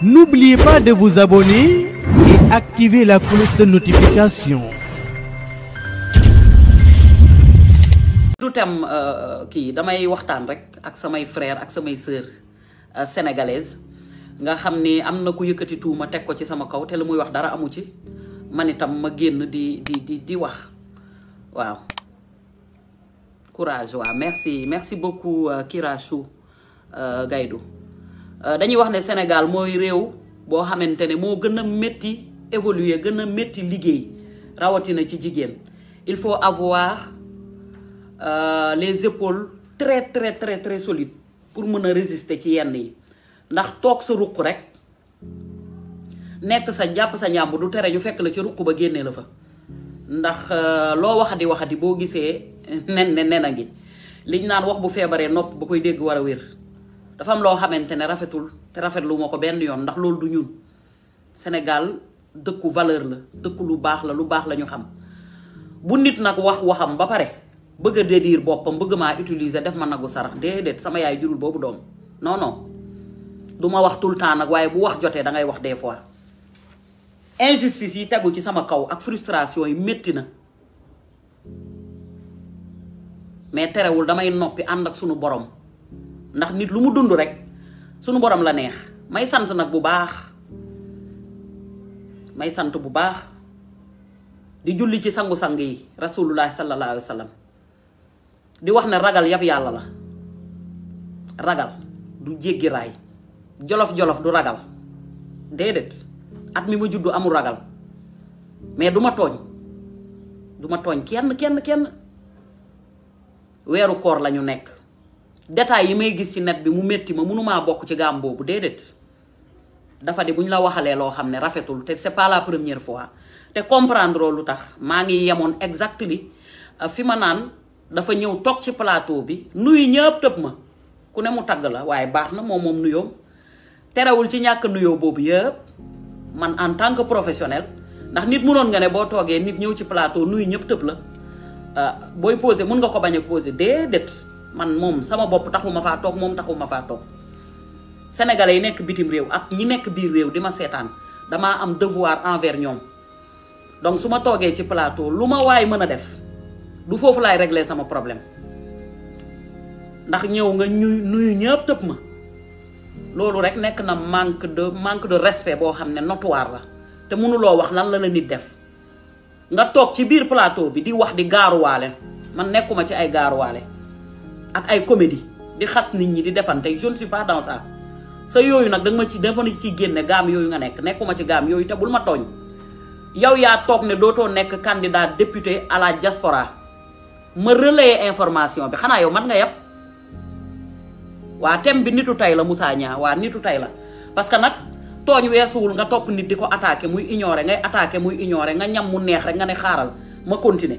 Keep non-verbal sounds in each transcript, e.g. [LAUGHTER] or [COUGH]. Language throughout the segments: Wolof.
N'oubliez pas de vous abonner et activer la cloche de notification. Tout euh, le kii qui est rek ak samay frères ak samay sœur euh, sénégalaise nga xam ni am na ku de tuuma teg ko ci sama kaw suis lu muy wax dara amu ci man ma génn di di di di wax waaw courage merci merci beaucoup euh, Kirachou Gaïdou. Euh, dañuy wax ne Sénégal mooy réew boo xamante ne moo gën a métti évoluer gën a métti liggéey rawatina ci jigéen il faut avoir euh, les épaules très très très très solides pour mën a résister ci yenn yi ndax toog sa ruq rek nekk sa jàpp sa ñàmb du tere ñu fekk la ci ruq ba génnee la fa ndax euh, loo waxadi waxadi boo gisee [LAUGHS] nen ne nen a ngi liñ naan wax bu feebaree nopp ba koy dégg war a wér dafa am loo xamante ne rafetul te rafetlu ma ko benn yoon ndax loolu du ñun Sénégal dëkku valeur la dëkku lu baax la lu baax la ñu xam bu nit nag wax waxam ba pare bëgg a dédiir boppam bëgg maa utiliser def ma nagu sarax déedéet sama yaay jurul boobu doom non non du ma wax tout le temps nag waaye bu wax jotee dangay wax des fois injustice yi tegu ci sama kaw ak frustration yi métti na mais terewul damay noppi ànd ak sunu borom. ndax nit lu mu dund rek sunu borom la neex may sant nak bu baax may sant bu baax di julli ci sangu-sang rasulullah sallallahu Alaihi Wasallam. di wax ne ragal yab yalla la ragal du jéggi ray jolof-jolof du ragal Dedet, at mi ma juddu amu ragal mais du togn duma du kenn kenn kenn wéru koor lañu nekk détails yi may gis ci net bi mu métti ma mënumaa bokk ci gaam boobu déedéet dafa di bu ñu la waxalee loo xam ne rafetul te c'est pas la première fois te comprendre lu tax maa ngi yemoon exactement euh, fi ma naan dafa ñëw toog ci plateau bi nuyu ñëpp tëb ma ku ne mu tagg la waaye baax na moom moom nuyoom terewul ci ñàkk nuyoo boobu yëpp man en tant que professionnel ndax nit munoon nga ne boo toogee nit ñëw ci plateau nuyu ñëpp tëb la euh, booy posé mun nga ko bañ a posé déedéet man mom sama bop taxuma fa tok mom taxuma fa tok sénégalais yi nek bitim rew ak ñi nek biir rew di sétane dama am devoir envers ñom donc suma togué ci plateau luma way mëna def du fofu lay régler sama problème ndax ñew nga nuyu ñepp tepp ma lolu rek nek na manque de manque de respect bo xamné notoire la mënu lo wax lan la la nit def nga tok ci biir plateau bi di wax di walé man nekuma ci ay walé ak ay comédie di xas nit ñi di defante je ne suis pas dans sa yooyu nag da ma ci dafa na ci génne gaam yooyu nga nekk nekkuma ci gaam yooyu te bul ma tooñ yow yaa toog ne dootoo nekk candidat député à la diaspora ma relayer information bi xanaa yow mat nga yàpp waa tem bi nitu tey la Moussa ñaa waa nitu tey la parce que nag tooñ weesuwul nga topp nit di ko attaqué muy ignoré ngay attaqué muy ignoré nga ñam mu neex rek nga ne xaaral ma continuer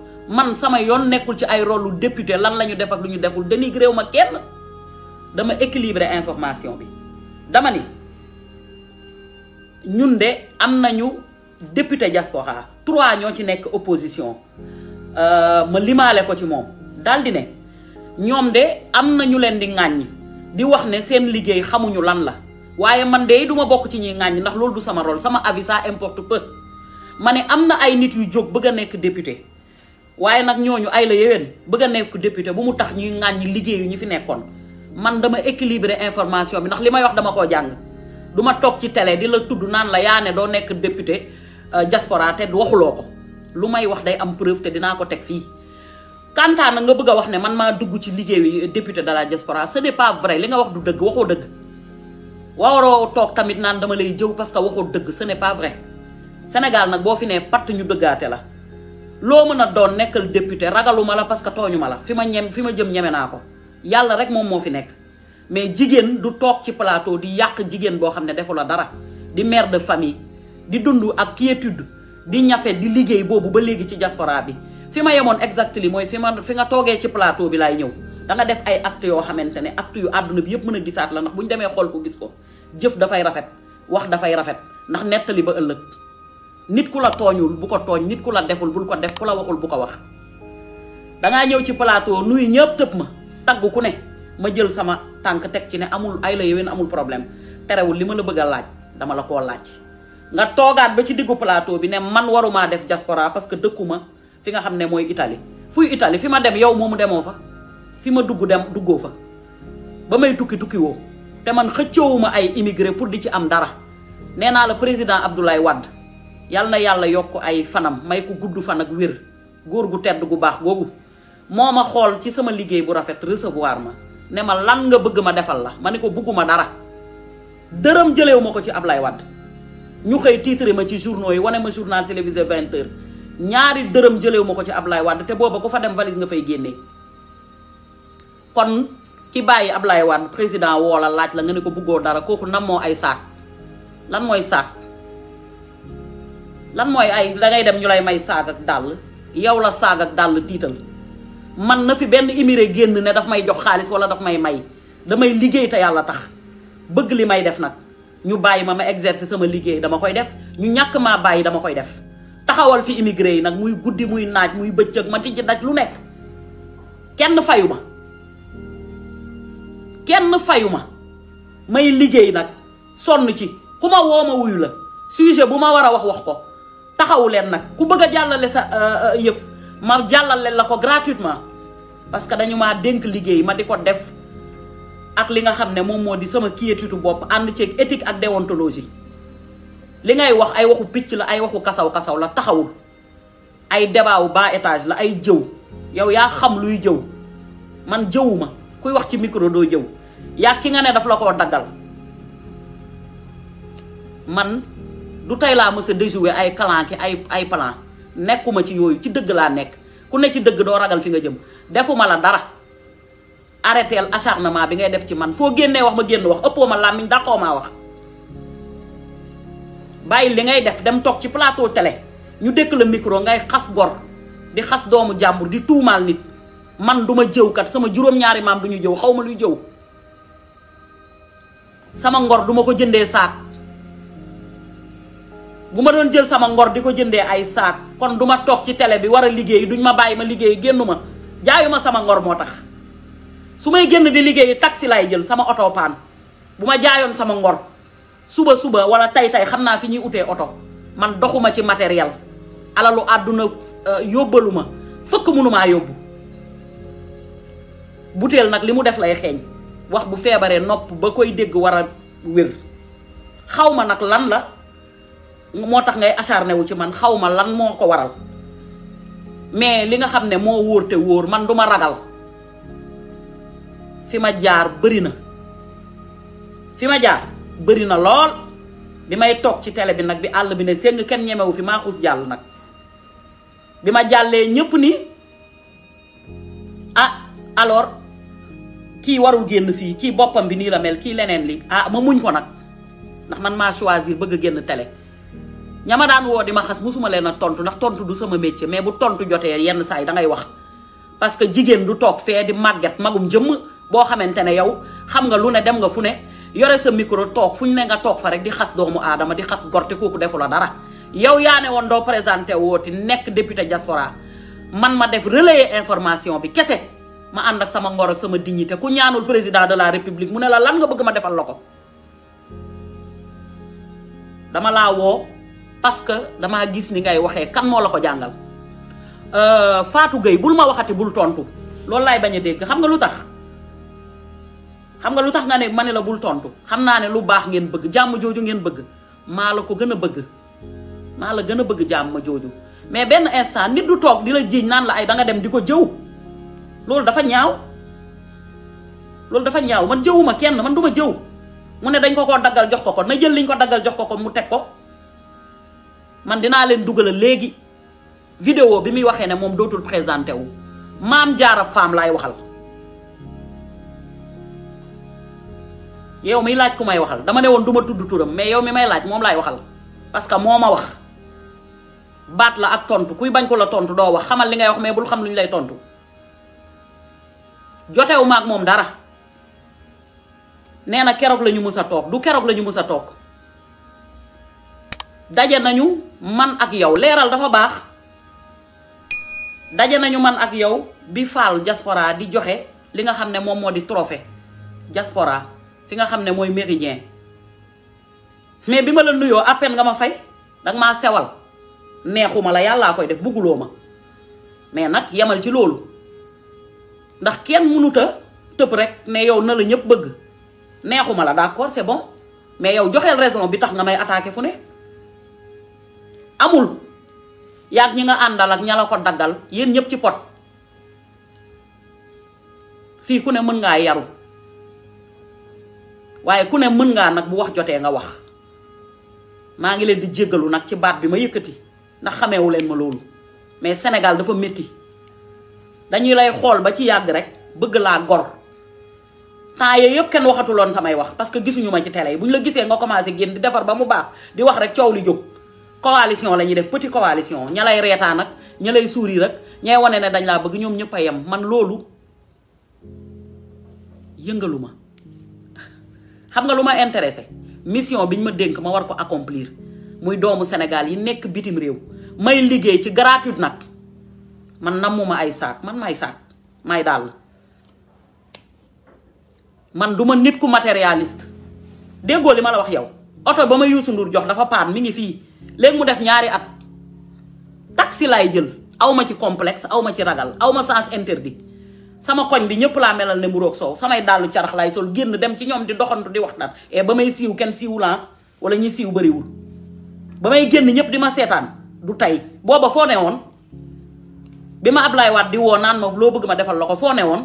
man sama yoon nekkul ci ay rôle député lan la ñu def lu ñu deful dénigré wu ma kenn dama équilibré information bi dama ni ñun de am nañu député diaspora trois ñoo ci nekk opposition euh, ma limaale ko ci moom daal di ne ñoom de am na ñu leen di ŋàññ di wax ne seen liggéey xamuñu lan la waaye man de duma bokk ci ñuy ŋàññ ndax loolu du sama rol sama avis ça importe peu ma ne am na ay nit yu jóg bëgg a nekk député waye nak ñooñu ay la yéwén bëgg nekk député bu mu tax ñuy ŋàññi liggéeyu ñi fi nekkon man dama équilibrer information bi nak limay wax dama ko jang duma tok ci télé di la tuddu naan la yaane ne nekk député euh, diaspora té waxuloo ko lu may wax day am preuve té dina ko tek fi kanta nag nga bëgg wax né man ma dugg ci liggéeyu député de la diaspora ce n'est pas vrai li nga wax du dëgg waxo dëgg waro tok tamit naan dama lay jëw parce que waxo dëgg ce n'est pas vrai Sénégal nak bo fi né patt ñu bëggaté la loo mën a doon nekkal député ragaluma la parce que tooñu ma la fi ma ñem fi ma jëm ñeme naa ko yàlla rek moom moo fi nekk mais jigéen du toog ci plateau di yàq jigéen boo xam ne defu la dara di mère de famille di dund ak quiétude di ñafe di liggéey boobu ba léegi ci diaspora bi fi ma yemoon exactement mooy fi ma fi nga toogee ci plateau bi laay ñëw da nga def ay acte yoo xamante ne acte yu àdduna bi yëpp mën a gisaat la ndax bu ñu demee xool ko gis ko jëf dafay rafet wax dafay rafet ndax nettali ba ëllëg nit ku la tooñul bu ko tooñ nit ku la deful bul ko def ku la waxul bu ko wax dangaa ñëw ci palaato nuyu ñëpp tëb ma tagg ku ne ma jël sama tànk teg ci ne amul ay la yowén amul problème terewul li ma la bëgg a laaj dama la koo laaj nga toogaat ba ci diggu palaato bi ne man warumaa def diaspora parce que dëkkuma fi nga xam ne mooy itali fuy Italie fi ma dem yow moomu demoo fa fi ma dugg dem duggoo fa ba may tukki tukki woo te man xëccoowuma ay immigré pour di ci am dara nee naa la président Abdoulaye Wade yal yalla yàlla ay fanam may ko gudd fan ak wir gor gu tedd gu bax googu moma xol ci sama liggey bu rafet recevoir ma ne ma lan nga bëgg ma defal la maniko bëgguma dara deureum jëlew ma ci ablay wad ñu xey titre ma ci journaux yi wane ma journal télévisé 20 h ñaari deureum jëlew mako ci ablay wad te boba ku fa dem valise nga fay génné kon ki baye ablay wad président wola laaj la nga ne ko bëggo dara koku namo ay lan moy lan mooy ay dangay dem ñu lay may saag ak dàll yow la saag ak dàll tiital man na fi benn immigré génn ne daf may jox xaalis wala daf may may damay liggéey te yàlla tax bëgg li may def nag ñu bàyyi ma ma exercer sama liggéey dama koy def ñu ñàkk maa bàyyi dama koy def taxawal fi immigré yi nag muy guddi muy naaj muy bëccëg ma di daj lu nekk kenn fayu ma kenn fayu ma may liggéey nag sonn ci ku ma woo ma wuyu la sujet bu ma war a wax wax ko taxawu leen nag ku bëgg a sa euh, euh, yëf ma jàllale lako gratuitement parce que dañuma denk liggéey ma diko def ak li nga ne momo di sama quiétude bop and ci éthique ak déontologie li ngay wax ay waxu picc la ay waxu kasaw-kasaw la taxawul ay débaawu ba étage la ay jëw yow ya xam luy jëw man jëwuma kuy wax ci micro do jëw ya ki nga né daf la man du tey laa mës a déjouer ay calan ki ay ay plan nekkuma ci yooyu ci dëgg laa nekk ku ne ci dëgg doo ragal fi nga jëm defuma la dara arrêtéel acharnement bi ngay def ci man foo génnee wax ma génn wax ëppoo ma làmmiñ dàqoo maa wax bàyyi li ngay def dem toog ci plateau tele ñu dëkk la micro ngay xas gor di xas doomu jàmbur di tuumaal nit man duma ma jëwkat sama juróom-ñaari maam du ñu jëw xaw ma luy jëw sama ngor duma ko jëndee saak Buma don jël sama ngor di jëndé ay saak kon duma tok ci télé bi wara liggéey duñ ma bayima liggéey gennuma jaayuma sama ngor motax sumay genn di liggéey taxi lay jël sama otopan. pan buma jaayon sama ngor suba suba wala tay tay xamna fiñi fi auto man doxuma ci matériel alalu àdduna euh, yóbbalu ma fëkk munumaa yóbbu nak limu li def lay xéñ wax bu fébaré nop ba koy dégg wara wër xawma nak lan la moo tax ngay acharné wu ci man xaw ma lan moo ko waral mais li nga xam ne moo wóor te wóor man du ma ragal fi ma jaar bëri na fi ma jaar bëri na lool bi may toog ci télé bi nag bi àll bi ne séng kenn ñemewu fi maa xuus jàll nag bi ma jàllee ñépp ni a ah, alors kii warul génn fii kii boppam bi nii la mel kii leneen li ah ma muñ ko nag ndax man maa choisir bëgg a génn tele ñama daan woo di ma xas musuma leen a tontu ndax tontu du sama métier mais bu tontu jotee yenn saa yi da ngay wax parce que jigéen du toog fee di màgget magum jëmm boo xamante ne yow xam nga lu ne dem nga fu ne yore sa micro toog fu ñu ne nga toog fa rek di xas doomu aadama di xas gorte kooku defu la dara yow yaa ne woon doo présenté wooti nekk député diaspora man ma def relayer information bi kese ma ànd ak sama ngoro ak sama dignité ku ñaanul président d la république mu ne la bëgg ma defal la parce que damaa gis ni ngay waxee kan moo la ko jàngal euh, Fatou Gueye bul ma waxati bul tontu loolu laay bañ a dégg xam nga lu tax xam nga lu tax nga ne ma ne la bul tontu xam naa ne lu baax ngeen bëgg jàmm jooju ngeen bëgg maa la ko gën a bëgg maa la gën a bëgg jàmm jooju mais benn instant nit du toog di la jiiñ naan la ay danga dem di ko jëw loolu dafa ñaaw loolu dafa ñaaw man jëwuma kenn man du ma jëw mu ne dañ ko ko daggal jox ko ko na jël liñ ko daggal jox ko ko mu teg ko man dinaa leen dugalal léegi vidéo bi muy waxee ne moom dootul présenté wu maam jaara faam laay waxal yow mi laaj ku may waxal dama ne woon du ma tudd turam mais yow mi may laaj moom laay waxal parce que moo ma wax baat la ak tontu kuy bañ ko la tontu doo wax xamal li ngay wax mais bul xam lu ñu lay tontu joxewu ma moom dara nee na keroog la ñu mus a toog du keroog la ñu mus a toog daje nañu man ak yow leeral dafa baax daje nañu man ak yow bi faal diaspora di joxe li nga xam ne moom moo di trophée diaspora fi nga xam ne mooy méridien mais bi ma la nuyoo à nga ma fay danga maa sewal neexuma la yàllaa koy def bugguloo ma mais nag yemal ci loolu ndax kenn mënuta tëb rek ne yow na la ñëpp bëgg neexuma la d'accord c'est bon mais yow joxeel raison bi tax nga may attaqué fu ne amul yak ñi nga àndal ak ñala ko daggal yeen ñep ci pot fi ku ne mën nga yaru waye ku ne mën nga nak bu wax joté nga wax ma ngi leen di jéggalu nak ci baat bi ma yëkëti ndax wu leen ma lool mais Sénégal dafa metti dañuy lay xol ba ci yag rek bëgg la gor temps yooyu yëpp waxatu waxatuloon samay wax parce que gisunu ma ci télé buñ la gisé nga commencé genn di defar ba mu baax di wax rek ciow li jog coalition la ñuy def petit coalition ña lay reetaan ak ña lay suuri ñay wane ne dañ laa bëgg ñoom ñëpp a yem man loolu yëngalu ma xam nga lu ma intéressé mission biñ ma dénk ma war ko accomplir muy doomu Sénégal yi nekk bitim réew may liggéey ci gratuite nag man nammuma ay saak man may saak may daal man du ma nit ku matérialiste déggoo li ma la wax yow oto ba ma Youssou Ndour jox dafa paan mi ngi fii léegi mu def ñaari at taxi laay jël aw ma ci complexe aw ma ci ragal aw ma sens interdit sama koñ bi ñëpp laa melal ne mu roog soow samay dàllu carax laay sol génn dem ci ñoom di doxantu di wax waxtaan e ba may siiw kenn laa ah, wala ñi siiw bëriwul ba may génn ñëpp di ma seetaan du tey booba foo ne woon bi ma Ablaye Wade di woo naan ma loo bëgg ma defal la ko foo ne woon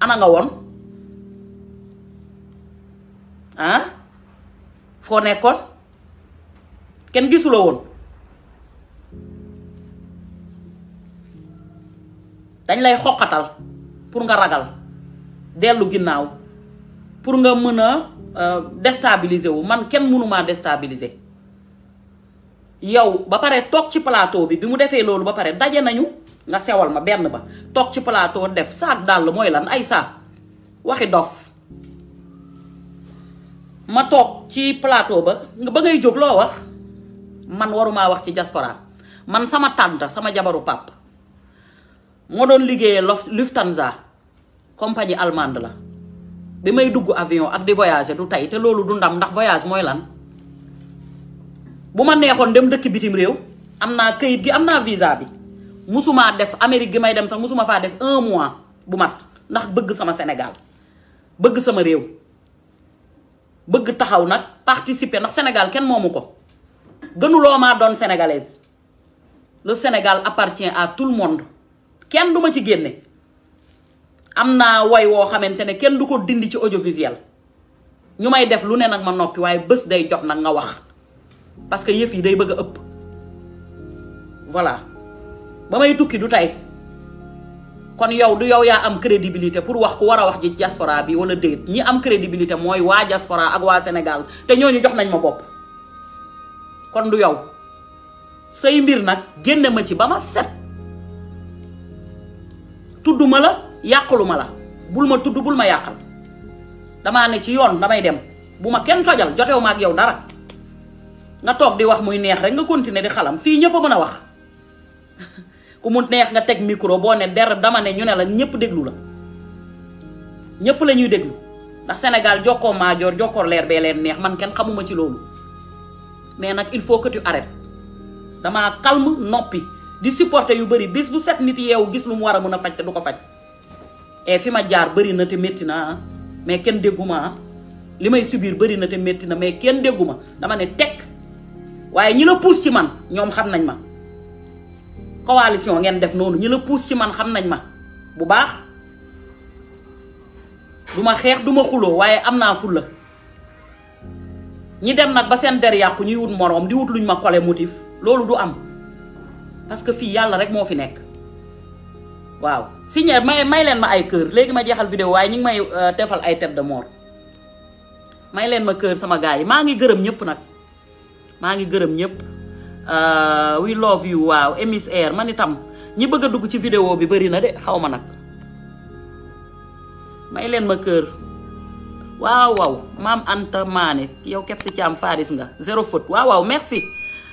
ana nga woon ah? fo nekkon ken gisulo won dañ lay xoqatal pour nga ragal delu ginnaw pour nga meuna déstabiliser wu man ken munuma déstabiliser yow ba pare tok ci plateau bi bi mu défé loolu ba pare dajé nañu nga sewal ma benn ba tok ci plateau def saak dal moy lan ay waxi dof ma toog ci plateau ba ba ngay jóg loo wax man warumaa wax ci diaspora man sama tànt sama jabaru pap moo doon liggéeyee lof Lufthansa compagnie allemande la bi may dugg avion ak di voyager du tey te loolu du ndam ndax voyage mooy lan bu ma neexoon dem dëkk bitim réew am naa këyit gi am naa visa bi musumaa def Amérique gi may dem sax musuma faa def un mois bu mat ndax bëgg sama Sénégal bëgg sama réew bëgg taxaw nak participer nak Sénégal kenn moomu ko lo ma doon sénégalaise le Sénégal appartient à tout le monde kenn duma ci génne amna way wo woo xamante duko dindi ci audiovisuel ñu may def lu né nak ma nopi waye bëss day jox nak nga wax parce que yëf yi day bëgg ëpp voilà bamay tukki du tay kon yow du yow ya am crédibilité pour wax ko wara wax ci diaspora bi wala deet ñi am crédibilité moy wa diaspora ak wa Sénégal té ñoñu jox nañ ma bop kon du yow sey mbir nak ma ci ba set tudduma la yàquluma la bul ma tuddu bul ma yaqal dama né ci yoon damay dem bu kenn tojal jotew ma ak yow dara nga tok di wax muy neex rek nga continuer di xalam fi ñepp mëna wax [LAUGHS] ku neex nga teg micro boo ne der dama ne ñu ne la ñëpp déglu la ñëpp la ñuy déglu ndax Sénégal jokkoo maajoor jokkoo leer bee leen neex man kenn xamuma ci loolu mais nag il faut que tu arrêtes dama calme noppi di supporter yu bëri bis bu set nit yeewu gis lu mu war a mën a faj te du ko faj et eh, fi ma jaar bëri na te métti na mais kenn dégguma li may subiir bëri na te métti na mais kenn dégguma dama ne tekk waaye ñi la pousse ci man ñoom xam nañ ma coalition ngeen def nonu ñi la pousse ci man xam nañ ma bu baax duma xex duma xulo waye amna waaye am fulla ñi dem nak ba sen der yaq ñuy wut morom di wut luñ ma kole motif lolu du am parce que fi yalla rek mo fi nek waaw signé may may len ma ay cœur légui ma jéxal vidéo waye ñi may defal euh, ay tête de mort may len ma cœur sama gaay Mangi ngi gëreum ñëpp nak ma ngi gëreum ñëpp Eh, we love you emis eh, air man itam ñi bëgg dugg ci vidéo bi bari na de xawma ma may leen ma kër wow wow mam Anta mané yow kepp ci am faris nga zéro foot. Wow wow, merci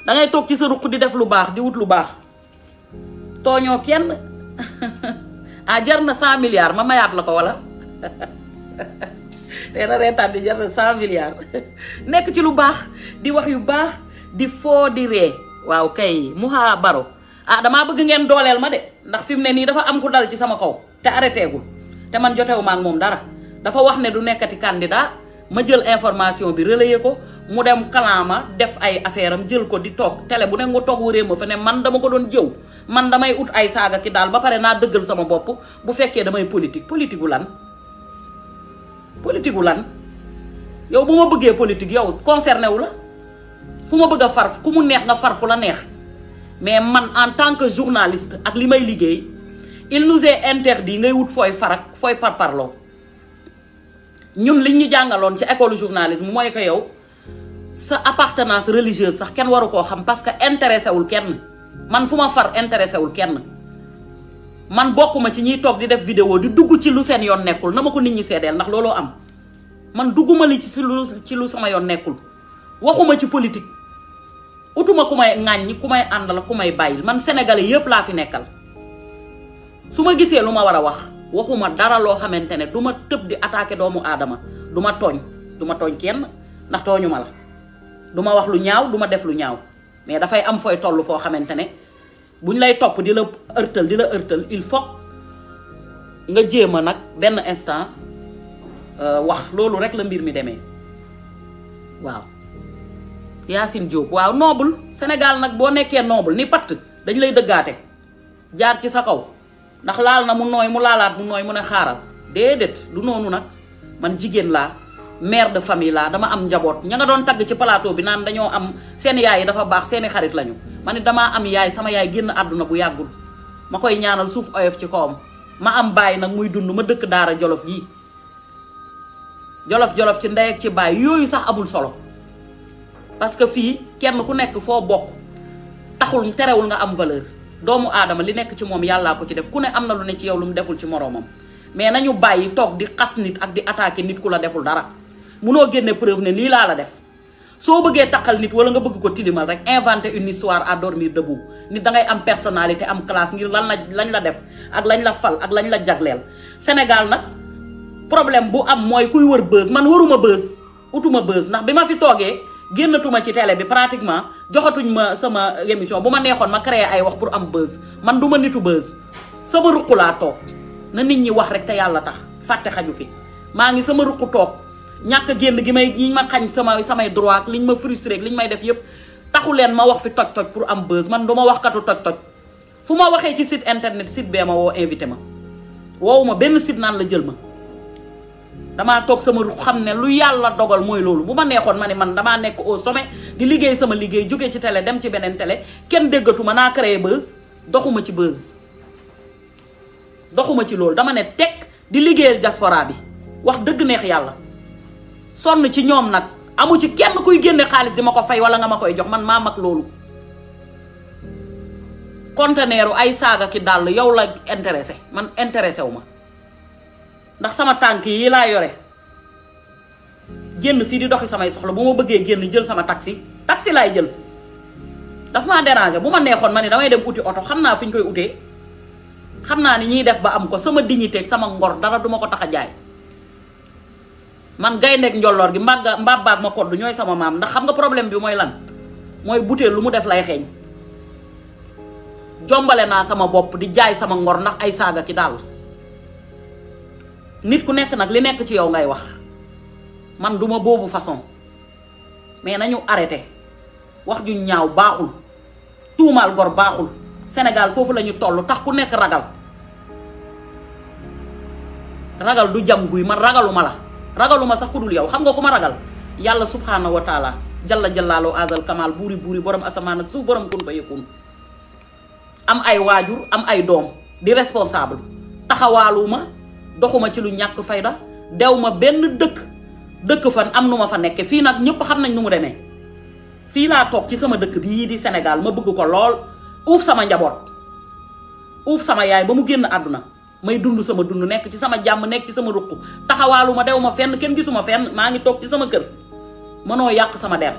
da ngay tok ci sa rukku di def lu baax di wut lu baax toño kenn a [LAUGHS] ah, jar na 100 milliards ma mayat la ko wala dena [LAUGHS] na di jar na 100 milliards [LAUGHS] nek ci lu baax di wax yu baax di fo di waaw kay Mouha Baro ah dama bëgg ngeen dolel ma de ndax fi dafa am ku dal ci sama kaw te arrêté gul te man jotewu ma ak dara dafa wax ne du nekkati candidat ma jël information bi relayé ko mu dem def ay affaire am jël ko di tok télé bu ne nga toog wëree ma fa ne man dama ko doon jëw man damay ut ay saga ki dal ba paré na deugël sama bop bu féké damay politique politique lan politique lan yow buma bëggé politique yow concerné wu la fuma ma bëgg a far ku mu neex nga far fu la neex mais man en tant que journaliste ak li may liggéey il nous est interdit ngay wut fooy farak fooy parparloo ñun liñ ñu jàngaloon ci école journalisme mooy que yow sa appartenance religieuse sax kenn waru koo xam parce que intéressé wul kenn man fu ma far intéressé wul kenn man bokkuma ci ñiy toog di def vidéo di dugg ci lu seen yoon nekkul na ma ko nit ñi seedeel ndax looloo am man dugguma li ci ci lu sama yoon nekkul waxuma ci politique utuma kumay ngagne kumay andal kumay bayil man sénégalais yépp la fi nekkal suma gisé luma wara wax waxuma dara lo xamantene duma teub di attaquer doomu adama duma togn duma togn kenn ndax tooñu la duma wax lu ñaaw duma def lu ñaaw mais fay am foy tollu fo xamantene buñ lay top di la heurtel di la heurtel il faut nga jema nak ben instant euh wax lolu rek la mbir mi démé waaw Yassine Diop waaw noble Sénégal nak bo nekké noble ni patt dañ lay deugaté jaar ci sa kaw ndax laal na mu noy mu laalat mu noy mu ne xaaral dedet du nonu nak man jigen la mère de famille la dama am njabot ña nga don tag ci plateau bi nan dañoo am seen yaay dafa bax seeni xarit lañu dama am yaay sama yaay genn aduna bu yagul makoy ñaanal suuf oyof ci koom ma am bàyyi nak muy dund ma dëkk daara jolof gi jolof jolof ci ndey ak ci yoyu sax amul solo parce que fii kenn ku nekk foo bokk taxul terewul nga am valeur doomu aadama li nekk ci moom yàllaa ko ci def ku ne am na lu ne ci yow lu mu deful ci moroomam mais nañu bàyyi toog di xas nit ak di attaquer nit ku la deful dara munoo génne preuve ne nii laa la def soo bëggee taqal nit wala nga bëgg ko tilimal rek inventer une histoire à dormir debout nit dangay am personalité am classe ngir lan la lañ la def ak lañ la fal ak lañ la jagleel Sénégal nag problème bu am mooy kuy wër man waruma bës utuma bës ndax bi ma fi toogee génnatuma ci télé bi pratiquement joxatuñ ma sama émission bu ma neexoon ma créer ay wax pour am buzz man du ma nitu buzz sama ruq laa toog na nit ñi wax rek te yàlla tax fàtte xaju fi maa ngi sama ruq toog ñàkk génn gi may ñi ma xañ sama samay droit li liñ ma frustré ak liñ may def yëpp taxu leen ma wax fi toj toj pour am buzz man du ma wax katu toj toj fu ma waxee ci site internet site bee ma woo invité ma woowu ma benn site naan la jël ma damaa toog sama ruq xam ne lu yàlla dogal mooy loolu bu ma neexoon ma ne man damaa nekk au sommet di liggéey sama liggéey jóge ci télé dem ci beneen tele kenn déggatuma naa créé buzz doxuma ci buzz doxuma ci loolu dama ne teg di liggéeyal jasporaa bi wax dëgg neex yàlla sonn ci ñoom nag amu ci kenn kuy génne xaalis di ma ko fay wala nga ma koy jox man maa mag loolu conteneeru ay saaga ki dàll yow la intéressé man intéressé wu ma ndax sama tànk yi la yore genn fi di doxi sama soxla bu ma bëggee génn jël sama taxi taxi lay jël daf ma déranger buma ma mané damay dem outil auto xamna fuñ koy outé xamna ni ñi def ba am ko sama dignité ak sama ngor dara duma ko taxa jaay man nek njolloor gi mbaba ak ma du ñoy sama mam. ndax xam nga problème bi moy lan moy bouté lu mu def lay xéñ jombalé na sama bop di jaay sama ngor nak ay saga ki dal nit ku nek nak li nek ci yow ngay wax man duma bobu façon mais nañu arrêté wax ju ñaaw baxul tuumaal gor baxul Sénégal fofu lañu tollu tax ku nek ragal ragal du jam guy man ragaluma la ragaluma sax ku dul yow xam nga kuma ragal yalla subhanahu wa taala jalla jallalo azal kamal buri buri borom asaman ak su borom kun fayakun am ay wajur am ay dom di responsable taxawaluma doxuma ci lu ñak fayda dew ma benn dekk dëkk fan am nu fa nekke fi nak ñepp xam nañ numu fi la tok ci sama dekk bi di sénégal ma bëgg ko lool ouf sama njabot uf sama yaay ba mu genn aduna may dund sama dund nekk ci sama jamm nekk ci sama ruq taxawaluma dewma fenn ken gisuma fenn ma ngi tok ci sama kër mëno sama der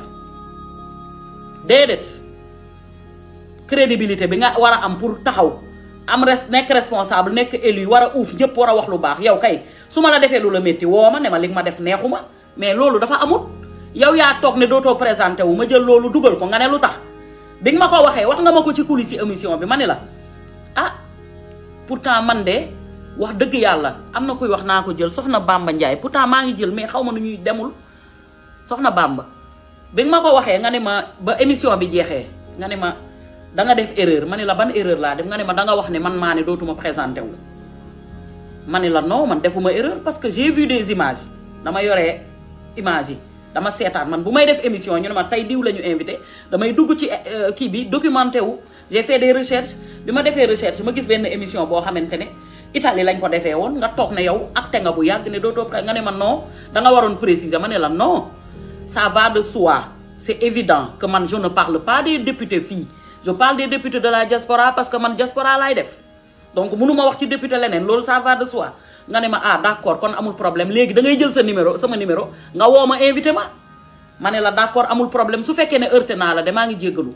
déedéet crédibilité bi nga wara am pour taxaw am res nekk responsable nekk élu war a uuf ñëpp war a wax lu baax yow kay su ma la defee lu la métti woo ma ne ma li ma def neexu ma mais loolu dafa amut yow yaa toog ne dootoo présenté wu ma jël loolu dugal ko nga ne lu tax bi nga ko waxee wax nga ma ko ci coulisse ci émission bi ma ne la ah pour temps man de wax dëgg yàlla am na koy wax naa ko jël soxna Bamba Ndiaye pourtant maa ngi jël mais xaw ma nu ñuy demul soxna bàmba bi nga ko waxee nga ne ma ba émission bi jeexee nga ne ma da nga def erreur mané la ban erreur la def nga ne ma da nga wax ne man mané dotuma dootuma présenté wu. ma la non man defuma erreur parce que j'ai vu des images dama yoré images yi dama sétane man bu may def émission ñu ma tay diw lañu invité damay dugg ci eh, euh, ki bi documenté wu. j'ai fait des recherches bima défé recherche ma gis benn émission bo xamante Italie lañ ko défé won nga tok né yow acte nga bu yàgg ne dootoo nga ne man non da nga waroon préciser mané la non ça va de soi c'est évident que man je ne parle pas des députés fii je parle des députés de la diaspora parce que man diaspora lay def donc mënuma wax ci député leneen loolu ça va de soi nga ne ma ah d'accord kon amul problème légui da ngay jël sa numéro sama numéro nga woo ma invité ma mané la d'accord amul problème su fekké né heurté na la dé ma ngi jéggalu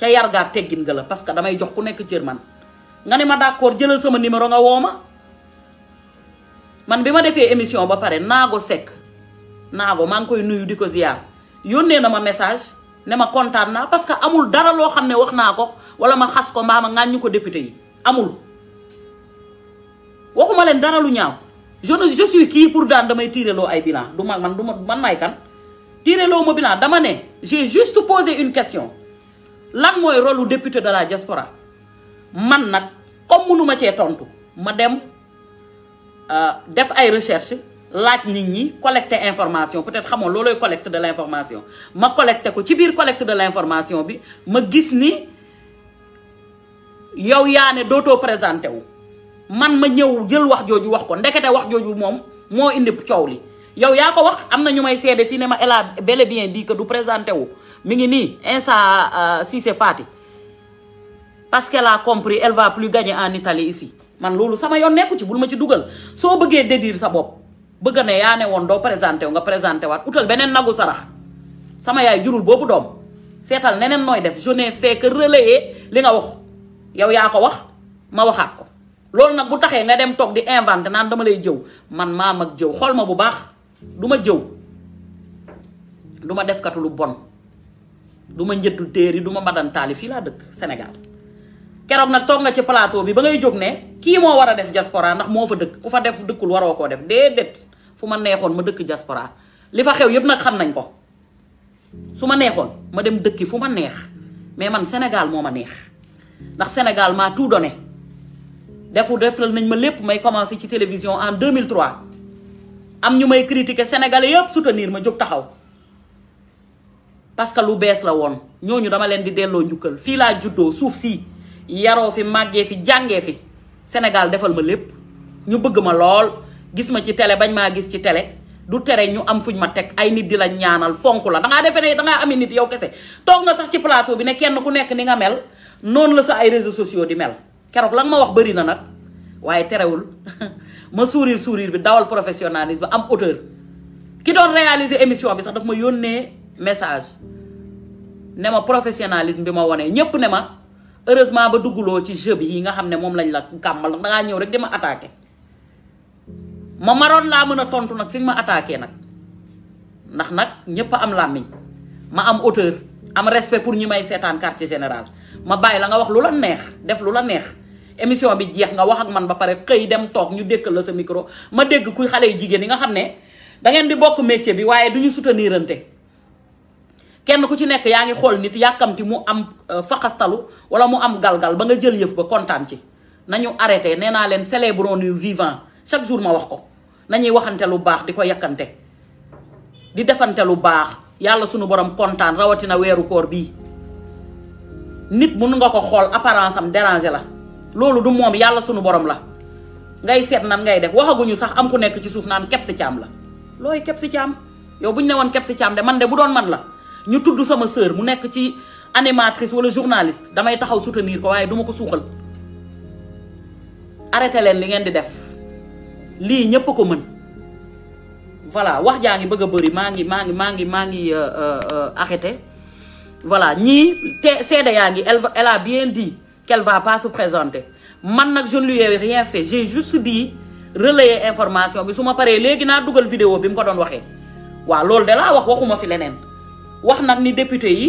ca yar gaa teggin nga la parce que damay jox ku nekk cër nga ne ma d'accord jëlal sama numéro nga woo ma man bima défé émission ba paré nago sec nago maa ngi koy nuyu di ziar ziyaar na ma message ne ma kontaan naa parce que amul dara lo xamné waxna ko wala ma xass ko ma ŋàññi ko député yi amul waxuma len dara lu ñaaw je je suis qui pour daan damay lo ay bilan du ma man du man may kan lo mo bilan dama ne j'ai juste posé une question lan moy rôle lu député de la diaspora man nak comme mënuma ci tontu ma dem euh, def ay recherches laaj nit collecter information peut-être xamone loolooy collecte de l'information ma collecte ko ci bir collecte de l'information bi ma gis ni yow yaane doto dootoo présenté wu man ma ñew jël wax jooju wax ko ndekete wax jooju mom mo indi coow li yow ya ko wax amna na ñu may seede fii ne ma elle a bel et bien dit que du présenté wu mi ngi si Insa euh, Cissé Fati parce qu'elle a compris elle va plus gagner en Italie ici man loolu sama yoon nekku ci bul ma ci dugal so bëggee dédire sa bopp bëgg na yaa ne woon doo présenté wu nga présenté waat utal beneen nagu sarax sama yaay jurul boobu doom seetal neneen nooy def je n'ai fait que li nga wax yow yaa ko wax ma waxaat ko loolu nag bu taxee nga dem toog di inventé naan dama lay jëw man maam ak jëw xool ma bu baax duma jëw du ma defkatu lu bon duma ma njëddu téer du ma madantaali fii laa dëkk Sénégal keroog nag toog nga ci plateau bi ba ngay jóg ne kii moo war a def diaspora ndax moo fa dëkk ku fa def dëkkul waroo koo def déedéet fu ma neexoon ma dëkk diaspora li fa xew yépp nag xam nañ ko su ma neexoon ma dem dëkki fu ma neex mais man Sénégal moo ma neex ndax Sénégal maa tout donné defu defal nañ ma lépp may commencé ci télévision en deux 2003 am ñu may critiquer sénégalais yëpp soutenir ma jóg taxaw parce que lu bees la woon ñooñu dama leen di delloo njukkal fii laa juddoo suuf sii yaroo fi màggee fi jàngee fi Sénégal defal ma lépp ñu bëgg ma lool gis ma ci tele bañ maa gis ci tele du tere ñu am fuñ ma teg ay nit di la ñaanal fonk la dangaa defee ne dangaa amee nit yow kese toog nga sax ci plateau bi ne kenn ku nekk ni nga mel noonu la sax ay réseaux sociaux di mel keroog la nga ma wax bari na nag waaye terewul [LAUGHS] ma sourire sourire bi dawal professionnalisme am auteur ki doon réaliser émission bi sax dafa ma yónnee message ne ma professionnalisme bi ma wonee ñépp ne ma heureusement ba dugguloo ci jeu bi yi nga xam ne moom lañ la kàmmal ndax dangaa ñëw rek di ma attaqué ma maroon laa mën a tontu nag fi ma attaqué nag ndax nag ñëpp am làmmiñ ma am hauteur am respect pour ñi may seetaan quartier général ma bàyyi la nga wax lu la neex def lu la neex émission bi jeex nga wax ak man ba pare xëy dem toog ñu dékkal la sa micro ma dégg kuy xale yu jigéen yi nga xam ne da ngeen di bokk métier bi waaye du ñu soutenirante kenn ku ci nekk yaa ngi xool nit yàkkamti mu am euh, faxastalu wala mu am galgal ba nga jël yëf ba kontaan ci nañu arrêté nee naa leen célébrons nu vivant chaque jour ma wax ko nañuy waxante lu baax di ko yàkkante di defante lu baax yàlla sunu borom kontaan rawatina weeru koor bii nit mun nga ko xool apparence am déranger la loolu du moom yàlla sunu borom la ngay seet nan ngay def waxaguñu sax am ku nekk ci suuf naan kepp si caam la looy kepp si caam yow bu ñu ne woon kepp si caam de man de bu doon man la ñu tuddu sama sœur mu nekk ci animatrice wala journaliste damay taxaw soutenir ko waaye duma ko suuxal arrêté leen li ngeen di def lii ñépp ko mën voilà wax jaa ngi bëgg a bëri maa ngi maa ngi maa ngi maa ngi euh, euh, euh, arrêté voilà ñii te seede yaa ngi elle a bien dit qu'elle va pas se présenter man nag je ne lui ai rien fait j'ai juste dit relayer information bi su ma paree léegi naa dugal vidéo bi mu ko doon waxee waaw loolu de laa wax waxuma fi leneen wax na ni député yi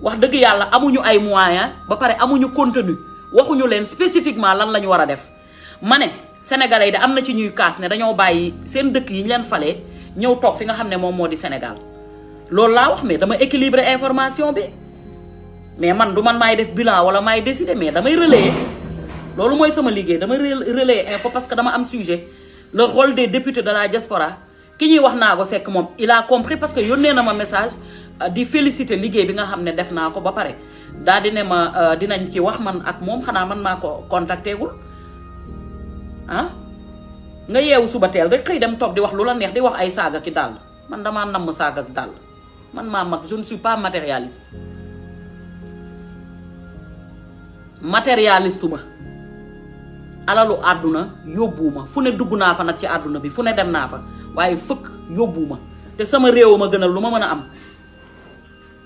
wax dëgg yalla amuñu ay moyens ba paré amuñu contenu waxuñu leen spécifiquement lan la wara def mané sénégalais da amna ci ñuy kaas né dañoo bayyi seen dëkk yi ñu leen falee ñëw fi nga xamné mom modi Sénégal lool la wax mais dama équilibrer information bi mais man du man may def bilan wala may décider mais damay relayer loolu moy sama liggéey dama relayer info parce que dama am sujet le rôle des députés de la diaspora ki ñi wax na ko sekk mom il a compris parce que yonne na ma message Eh, di féliciter liggéey bi nga xam ne def naa ko ba pare daa di ne ma eh, dinañ ci wax man ak moom xanaa man maa ko contacté gul ah nga yeewu suba teel rek kay dem toog di wax lu la neex di wax ay saaga ki dàll man damaa namm saaga ak dàll man maa mag je ne suis pas matérialiste matérialiste ma alalu àdduna yóbbuwuma fu ne dugg naa fa nag ci àdduna bi fu ne dem naa fa waaye fëkk te sama réew gënal lu ma am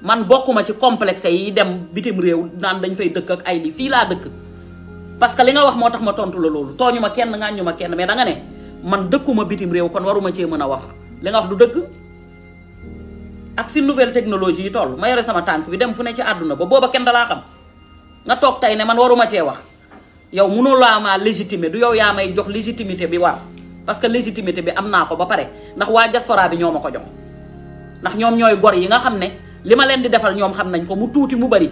man bokuma ci complexe yi dem bitim rew nan dañ fay dekk ak ay li fi la dekk parce que li nga wax motax ma tontu la lolou toñuma ma kenn nga ñuma kenn mais da nga ne man dekkuma bitim rew kon waruma ci mëna wax li nga wax du dekk ak fi nouvelle technologie yi toll ma yoré sama tank bi dem fu ne ci aduna ba boba kenn la xam nga tok tay ne man waruma ci wax yow mëno la ma légitimer du yow ya may jox légitimité bi war parce que légitimité bi amna ko ba paré ndax wa diaspora bi ñoma ko jox ndax ñom ñoy gor yi nga xamne li ma leen di defal ñoom xam nañ ko mu tuuti mu bari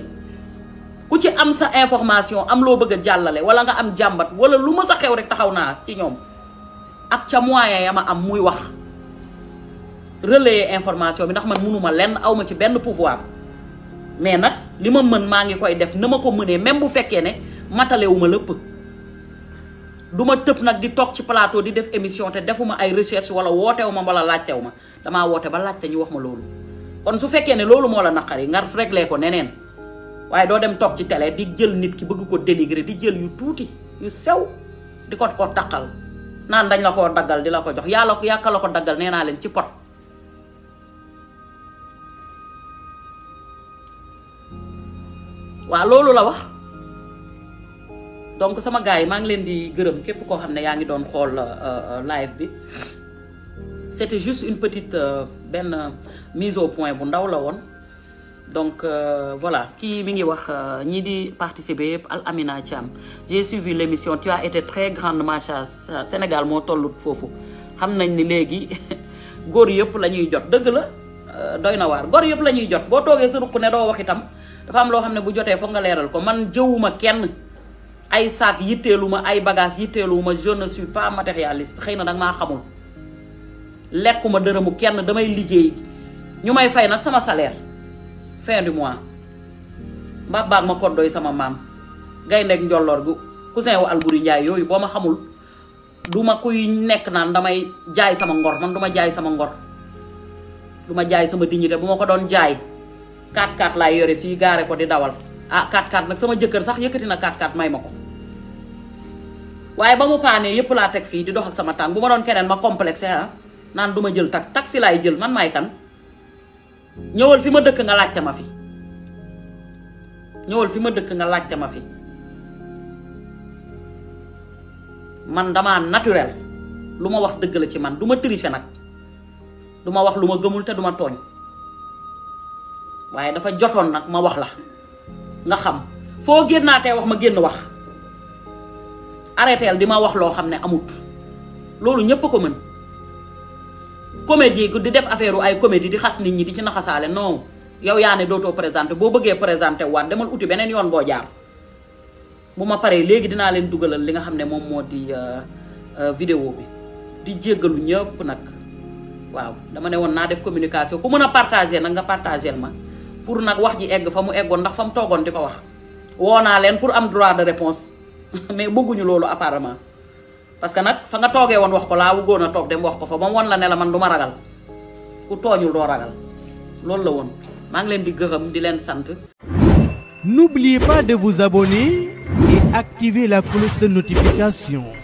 ku ci am sa information am loo bëgg a jàllale wala nga am jàmbat wala lu ma sa xew rek taxaw naa ci ñoom ak ca moyen a ma am muy wax relayer information bi ndax man mënuma lenn awma ci benn pouvoir mais nag li ma mën maa ngi koy def na ma ko mënee même bu fekkee ne matalewuma lépp duma ma tëb nag di toog ci plateau di def émission te defuma ay recherche wala wootew ma wala laajtew ma damaa woote ba laajte ñu wax ma loolu kon su fekke ne lolou mo la nakari nga réglé ko nenen waye do dem tok ci télé di jël nit ki bëgg ko dénigrer di jël yu yu sew di ko ko takal nan dañ la ko dagal di la ko jox yalla ko yakala ko dagal nee len ci pot wa lolou la wax donc sama gaay ma ngi len di gëreum képp ko xam ne doon xol euh, euh, live bi c'était juste une petite euh, benn euh, mise au point bu ndaw la donc euh, voilà qui mingi wax ñi di participer yëpp Al Amina j'ai suivi l'émission tu as été très grande macha Sénégal mo tollu fofu xamnañ ni légui gor [LAUGHS] yépp la jot deug la doyna war gor yépp lañuy la jot bo togué sa ruq ne doo wax itam dafa am lo xamné ne bu joté foog nga léral ko man jëwuma kenn ay sac yitéluma ay bagages yitéluma je ne suis pas matérialiste xeyna dag ma lekuma dërëmu kenn damay liggey ñu may fay nak sama salaire fin du mois mbaa baak ma ko doy sama mam ngay nekk njolloor gu cousin wa Alburi nyaay yoy boo ma xamul duma kuy nek nan damay jaay sama ngor man duma jaay sama ngor duma jaay sama dignité bu ma ko don jaay 4x4 laay yore fi garé ko di dawal ah 4x4 nag sama jëkkeur sax yëkëti na 4x4 may mako waye bamu pané yépp la tek fi di dox ak sama tànk buma don kenen ma complexé ah Nan duma jël tak taxi lay jël man may kan ñewal fi ma dëkk nga laacc ma fi ñewal fi ma dëkk nga laacc ma fi man dama naturel luma wax dëgg la ci man duma ma tricher wax luma gëmul te duma togn waye dafa jotone nak ma wax la nga xam wax ma genn wax arrêtel di wax lo ne amut loolu ñepp ko comédie gu di def affaireu ay comédie di xass nit ñi di ci naxassale non yow yaa ne dootoo présenté boo bëggee présenté waat demal outil benen yoon bo jaar buma paré légui dina dinaa leen dugalal li nga xamné mom modi euh di euh, vidéo bi di jéggalu ñëpp nak waaw dama ne woon def communication ku mëna a partager nak nga partager ma pour nak wax ji egg Famu eggon ndax fa togon diko di wax wona naa leen pour am droit de réponse [LAUGHS] mais bëgguñu lolu apparemment parce que nak fa nga togué won wax ko la wugona tok dem wax ko fa bam won la ne la man duma ragal ku tooñul do ragal loolu la won ma ngi len di geureum di len sante N'oubliez pas de vous abonner et activer la cloche de notification.